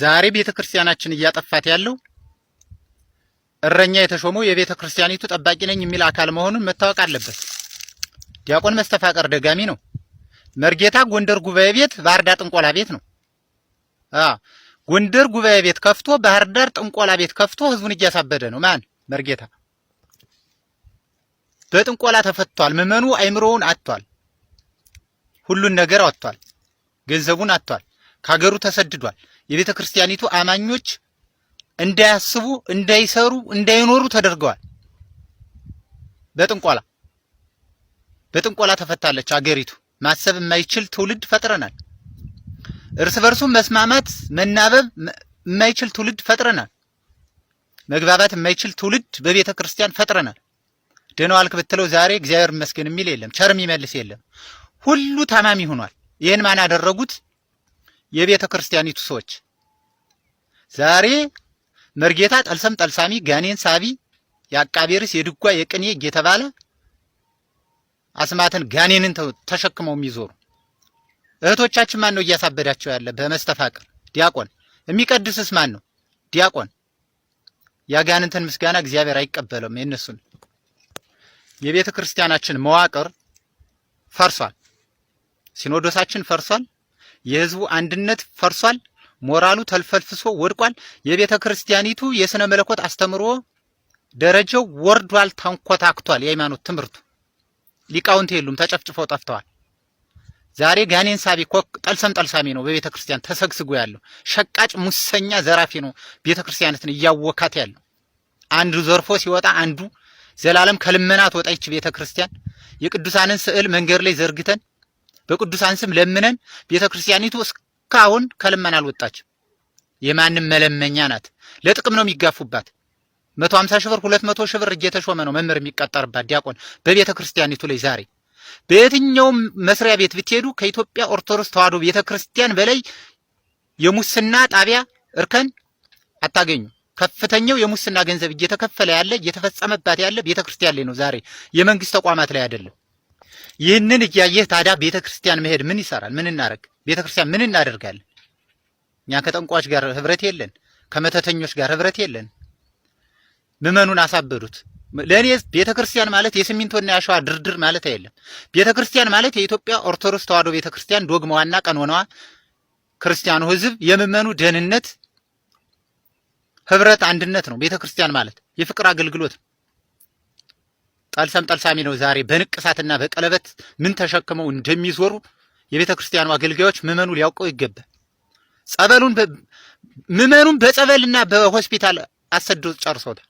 ዛሬ ቤተ ክርስቲያናችን እያጠፋት ያለው እረኛ የተሾመው የቤተ ክርስቲያኒቱ ጠባቂ ነኝ የሚል አካል መሆኑን መታወቅ አለበት። ዲያቆን መስተፋቀር ደጋሚ ነው። መርጌታ ጎንደር ጉባኤ ቤት፣ ባህር ዳር ጥንቆላ ቤት ነው። ጎንደር ጉባኤ ቤት ከፍቶ ባህር ዳር ጥንቆላ ቤት ከፍቶ ህዝቡን እያሳበደ ነው። ማን መርጌታ በጥንቆላ ተፈቷል። ምዕመኑ አይምሮውን አጥቷል። ሁሉን ነገር አጥቷል። ገንዘቡን አጥቷል። ከሀገሩ ተሰድዷል። የቤተ ክርስቲያኒቱ አማኞች እንዳያስቡ፣ እንዳይሰሩ፣ እንዳይኖሩ ተደርገዋል። በጥንቆላ በጥንቆላ ተፈታለች አገሪቱ። ማሰብ የማይችል ትውልድ ፈጥረናል። እርስ በርሱ መስማማት፣ መናበብ የማይችል ትውልድ ፈጥረናል። መግባባት የማይችል ትውልድ በቤተ ክርስቲያን ፈጥረናል። ደህና ዋልክ ብትለው ዛሬ እግዚአብሔር ይመስገን የሚል የለም፣ ቸር የሚመልስ የለም። ሁሉ ታማሚ ሆኗል። ይህን ማን አደረጉት? የቤተ ክርስቲያኒቱ ሰዎች ዛሬ መርጌታ ጠልሰም ጠልሳሚ ጋኔን ሳቢ የአቃቤርስ የድጓ የቅኔ እየተባለ አስማትን ጋኔንን ተሸክመው የሚዞሩ እህቶቻችን ማን ነው እያሳበዳቸው ያለ? በመስተፋቅር ዲያቆን የሚቀድስስ ማን ነው? ዲያቆን ያጋንንትን ምስጋና እግዚአብሔር አይቀበለውም። የእነሱን የቤተ ክርስቲያናችን መዋቅር ፈርሷል። ሲኖዶሳችን ፈርሷል። የህዝቡ አንድነት ፈርሷል። ሞራሉ ተልፈልፍሶ ወድቋል። የቤተ ክርስቲያኒቱ የሥነ መለኮት አስተምሮ ደረጃው ወርዷል፣ ተንኮታክቷል። የሃይማኖት ትምህርቱ ሊቃውንት የሉም፣ ተጨፍጭፈው ጠፍተዋል። ዛሬ ጋኔን ሳቢ ኮክ ጠልሰም ጠልሳሚ ነው በቤተ ክርስቲያን ተሰግስጎ ያለው። ሸቃጭ ሙሰኛ፣ ዘራፊ ነው ቤተ ክርስቲያንትን እያወካት ያለው። አንዱ ዘርፎ ሲወጣ አንዱ ዘላለም ከልመናት ወጣች ቤተ ክርስቲያን የቅዱሳንን ስዕል መንገድ ላይ ዘርግተን በቅዱሳን ስም ለምነን ቤተ ክርስቲያኒቱ እስካሁን ከልመና አልወጣችም። የማንም መለመኛ ናት። ለጥቅም ነው የሚጋፉባት። መቶ ሀምሳ ሺህ ብር ሁለት መቶ ሺህ ብር እየተሾመ ነው መምህር የሚቀጠርባት ዲያቆን በቤተ ክርስቲያኒቱ ላይ ዛሬ በየትኛውም መስሪያ ቤት ብትሄዱ ከኢትዮጵያ ኦርቶዶክስ ተዋህዶ ቤተ ክርስቲያን በላይ የሙስና ጣቢያ እርከን አታገኙ። ከፍተኛው የሙስና ገንዘብ እየተከፈለ ያለ እየተፈጸመባት ያለ ቤተ ክርስቲያን ላይ ነው ዛሬ የመንግስት ተቋማት ላይ አይደለም። ይህንን እያየህ ታዲያ ቤተ ክርስቲያን መሄድ ምን ይሰራል? ምን እናደርግ? ቤተ ክርስቲያን ምን እናደርጋለን? እኛ ከጠንቋዎች ጋር ህብረት የለን፣ ከመተተኞች ጋር ህብረት የለን። ምዕመኑን አሳበዱት። ለእኔ ቤተ ክርስቲያን ማለት የሲሚንቶና ያሸዋ ድርድር ማለት አይደለም። ቤተ ክርስቲያን ማለት የኢትዮጵያ ኦርቶዶክስ ተዋሕዶ ቤተ ክርስቲያን ዶግማዋና ቀኖናዋ ክርስቲያኑ ህዝብ የምዕመኑ ደህንነት፣ ህብረት፣ አንድነት ነው። ቤተ ክርስቲያን ማለት የፍቅር አገልግሎት ነው። ጠልሰም ጠልሳሚ ነው። ዛሬ በንቅሳትና በቀለበት ምን ተሸክመው እንደሚዞሩ የቤተ ክርስቲያኑ አገልጋዮች ምዕመኑ ሊያውቀው ይገባል። ጸበሉን ምዕመኑን በጸበልና በሆስፒታል አሰዶ ጨርሶታል።